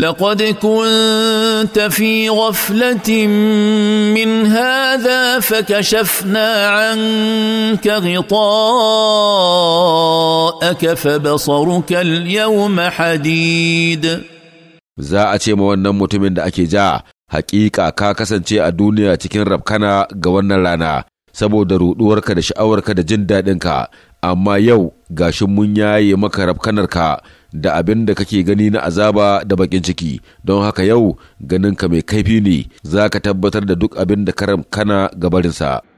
لقد كنت في غفله من هذا فكشفنا عنك غطاءك فبصرك اليوم حديد za a ce ma wannan mutumin da ake ja hakika ka kasance a duniya cikin rabkana ga wannan rana saboda ruɗuwarka da sha'awarka da jin daɗinka amma yau gashin mun yaye maka rabkanarka da abin da kake gani na azaba da bakin ciki don haka yau ganinka mai kaifi ne za ka tabbatar da duk abin da karam kana gabarinsa